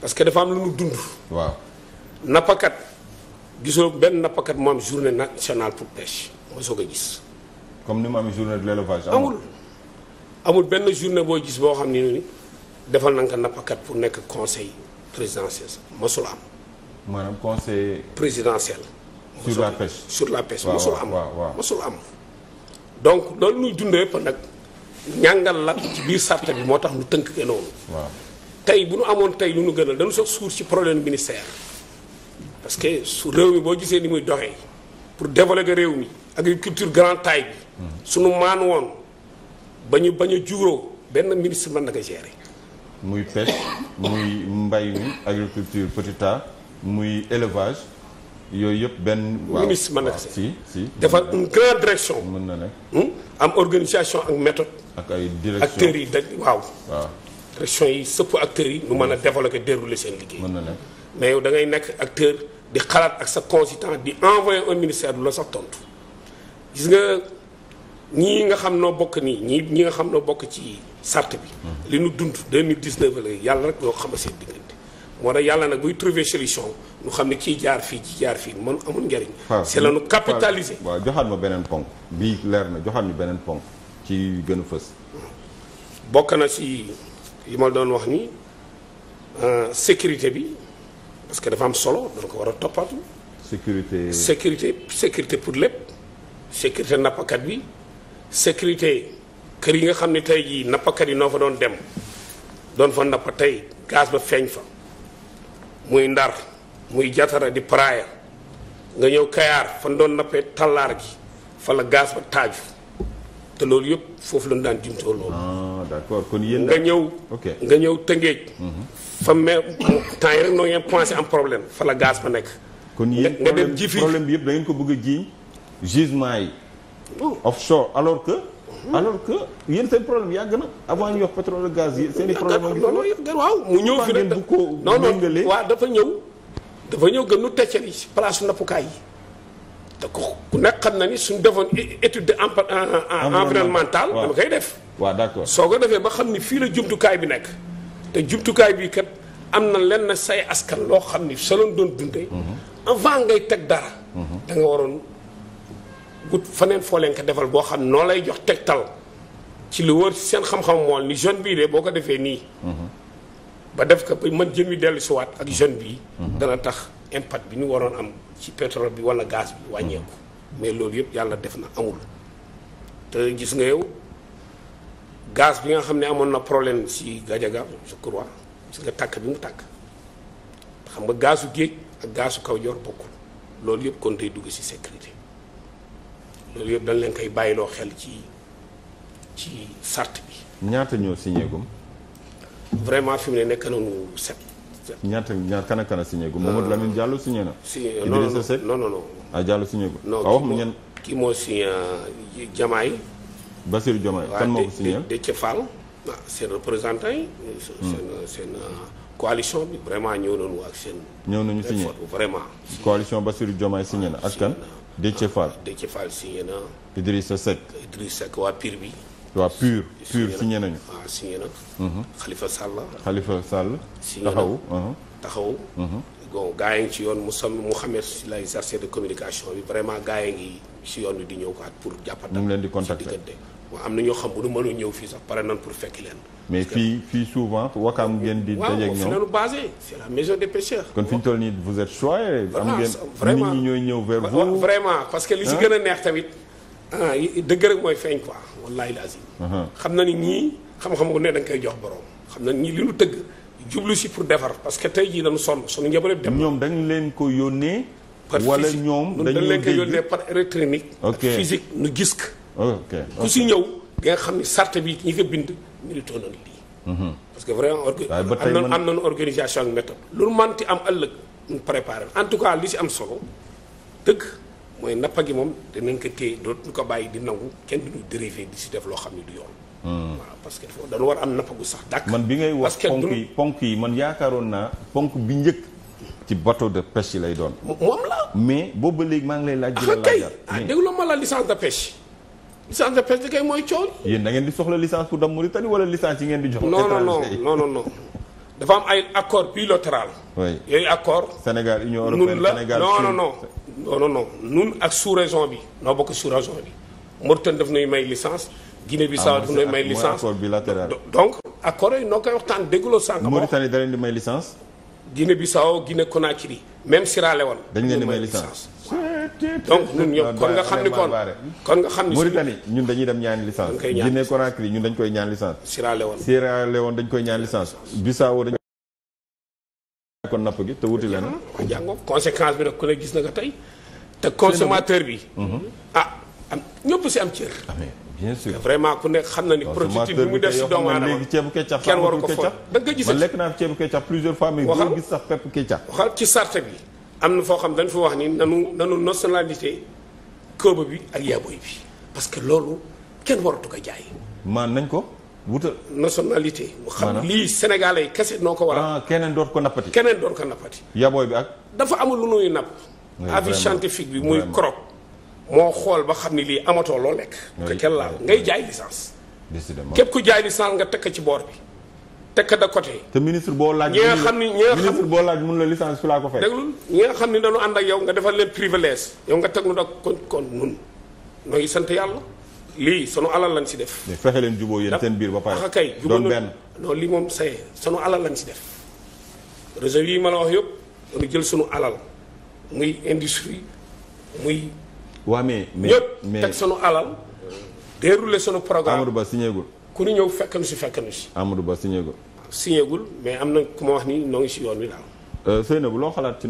parce que dafa am lu mu dund. waaw nappakat gisoo benn nappakat mu am journée nationale pour pêche ma soog a gis. comme ni mu amee journée de l'élevage amul amul benn journée boo gis boo xam ne ni defal na nga nappakat pour nekk conseil présidentiel mosul am. maanaam conseil. présidentiel. sur la pêche sur la pêche mosul am mosul am. donc loolu muy dund yëpp nag ñàngal la ci biir sàrt bi moo tax ñu tënk ke noonu. tey bu nu amoon tey lu nu gënal dañu sax suur ci problème ministère parce que su réew mi boo gisee ni muy doxee pour développer réew mi agriculture grande taille bi suñu maan woon ba ñu bañ a juuroo benn ministre mën na ko gérer muy pêche muy mbay mi agriculture petit muy élevage yooyu yëpp benn ministre mën na ko si si direction mën na ne hmm? am organisation ak méthode ak ay direction yi da waaw régions yi sëpp acteur yi. ñu mën a développer dérouler seen liggéey. mais yow da nekk acteur di xalaat ak sa consultant di envoyé au ministère du la sax tontu gis nga ñii nga xam noo bokk nii ñii ñi nga xam noo bokk ci sart bi. Hmm. li nu dund 2019 la yàlla rek ñoo xamal seen diggante. moo tax yàlla nag buy trouver solution ñu xam ne kii jaar fii ci jaar fii man amul njariñ. waaw c'est la nu capitaliser. waa joxaat ma beneen ponk bii leer na joxaat ñu beneen ponk ci gën a fës. bokk na si. li ma doon wax ni euh, sécurité bi parce que dafa am solo dañ ko war a toppatu. sécurité sécurité sécurité pour lépp sécurité nappakat bi sécurité kër yi nga xam ne tey jii nappakat yi noo fa doon dem doon fa napp tey gaz ba feeñ fa muy ndar muy jatara di praaya nga ñëw kayaar fan doon nappee tallaar gi fa la gaz ba taaju te loolu yëpp foofu lañ daan jumtoo loolu ah. d'accord kon yéen nga ñëw. nga ñëw tëngéej. fa mais temps yi rek noo ngeen commencé am problème fa la gaz ba nekk. kon yéen nga dem ji fii problème bi yëpp da ngeen ko bëgg a jiiñ gisement yi. Oh. offshore alors que. Hmm. alors que yéen seen problème yàgg na avant ñu wax pétrole ak gaz yi seen i problème a waaw mu ñëw fi nag non non waa dafa ñëw. dafa ñëw gën nu teccal yi nappukaay yi. te ku nekk xam na ni suñ defoon étude de environnementale dama koy def waaw d'accord soo ko defee ba xam ni fii la jumtukaay bi nekk te jumtukaay bi kat am na lenn say askan loo xam ni sa loon doon dundee mhm. avant ngay teg dara mhm. da nga waroon gut faneen foo leen ko defal boo xam noo lay jox teg tegtal ci lu wër seen xam-xam mool ni jeune bii de boo ko defee nii mhm. ba def ko ba mën jëmi dellu siwaat ak jeune bii dana tax impact bi ñu waroon am ci pétrole bi wala gaz bi wàññeeku mais loolu yëpp yàlla def na amul te gis nga yow gaz bi nga xam ne amoon na problème si Gajaga je crois gis nga takk bi mu takk xam nga gazu géej ak gazu kaw joor bokkul loolu yëpp kon tey dugg si sécurité loolu yëpp dañ leen koy bàyyiloo xel ci ci sart bi. ñaata ñoo signé gum vraiment fi mu ne nekk nañu set. ñaata ñaar kan ak kan a signé gu Mamadou euh, Lamine na. signé euh, Idrissa Seck non non non. ah Diallo signé gu. non wax moo signé Jamaay. Euh, Bassirou Diomaye kan moo ko signé Déthié Fall. waaw ah, hmm. bi vraiment ñëw nañu ak seen. nañu signé vraiment. coalition Bassirou Diomaye signé na ak kan. Déthié Fall Déthié Fall signé na. Idrissa Seck waa Pire bi. waaw pur pur signé nañu waaw ah, signé na mhm. Khalifa Sall Khalifa Sall taxaw taxaw bon gaa yi ngi ci yoon mu sam Mouhamed lay chargé de communication bi vraiment gaa yi ngi ci yoon bi di ñëw ko at pour jàppatal ñu ngi leen di contacter waaw am na ñoo xam bu nu mënu ñëw fii sax pare nan pour fekk leen mais fii fii souvent wakaam ngeen di dajeeg ñoom waaw fi lañu basé c'est la maison des pêcheurs kon fi ñu toll nii vous êtes choyé am ngeen vraiment nit ñi ñooy ñëw vers vous parce que li ci gën a neex tamit ah dëgg rek mooy feeñ quoi wallaahi lazim uh-huh. xam na ni ñii xam-xam gu ne da nga koy jox borom xam na ñii li ñu tëgg jublu si pour defar parce que tey jii dañu sonn suñu njaboot dem ñoom dañ leen ko yónnee. wala ñoom dañ leen ko yónnee par électronique. ok physique nu gis ko. ok ku ñëw. nga xam ni sarte bi ñi bind militoo nañ lii. Uh-huh. parce que vraiment am am nañu organisation ak méthode. lu manti am ëllëg ñu préparé en tout cas lu si am solo dëgg. mooy nappa gi moom danañ ko téye dootuñ ko bàyyi di nangu kenn duñu dérivé di si def loo xam ne du yoon. Hmm. waaw parce que dañu war am nappa gu sax dàkk. man bi ngay wax ponk yi yi man yaakaaroon naa ponk bi njëkk. ci bateau de pêche yi lay doon. moom la. mais boobu ba léegi maa ngi lay laaj. Ah, jëlal ah, la licence de pêche. licence de pêche da mooy coow. yéen da ngeen di soxla licence pour dem Mauritanie wala licence yi ngeen di jox. étranger non non non non. dafa am ay accord bilatéral. oui yooyu accord. Sénégal Union européenne Sénégal non non non. non non non ñun ak sous-région bi noo bokk sous-région bi Mauritanie daf nuy may licence. Guinée-Bissau ah, daf nuy may licence accord bilatéral donc accord yooyu noo koy waxtaan dégguloo sànq. Mauritanie da leen di may licence. Guinée-Bissau Guinée Conakry même Sierra Leone. dañ leen di may licence donc ñun ñëpp kon nga xam ni nga xam ñun dañuy dem ñaan licence. Guinée Conakry ñun dañ koy ñaan licence. Sierra Leone Sierra Leone dañ koy ñaan licence. Bissau dañ kon napp gi te wuti leen. jàngoo conséquence bi nag ku ne gis na ko tey te consommateur bi. Mhm. ah am ñëpp si am cër. Ah, bien sûr vraiment ku nekk xam na ni productif bi mu def si doomu aadama léegi ceebu keccax kenn waru ko foog da nga gis man lekk naa ceebu keccax plusieurs fois mais boo gis sax pepp keccax ci sarte bi am na foo xam dañ fi wax ni nanu nationalité kooba bi ak yaaboy bi parce que loolu kenn waratu ko jaay maa nañ ko wutal nationalité. xam lii sénégalais kese noo ko war a. Ah, keneen doot ko nappati. keneen doot ko nappati. yabooy bi ak. dafa amul lu nuy napp. avis scientifique bi muy CROC. moo xool ba xam ni lii amatoo loo lekk. kenn ngay jaay licence. képp ku jaay licence nga tekk ci boor bi. tekk da te ministre boo laaj. ñi xam ni ñi boo laaj mun la licence fi laa ko fekk. déglu nga xam ni dañu ànd ak yow nga defal leen privilège. yow nga teg nu da kon kon nun nooy sant yàlla. lii sunu alal lañ si def. fexe leen jubóo yéen seen biir ba pare. kay doon benn non lii moom c'est sunu alal lañ si def réseau yi ma la wax yëpp dañu jël sunu alal muy industrie muy. waa mais mais ñëpp teg sunu alal déroulé sunu programme. Amadou Ba signé gul. ku ñu ñëw fekk na si fekk na si. Amadou Ba signé gul. mais am na ku ma wax ni noo si yoon wi daal. Euh, Seynabou loo xalaat ci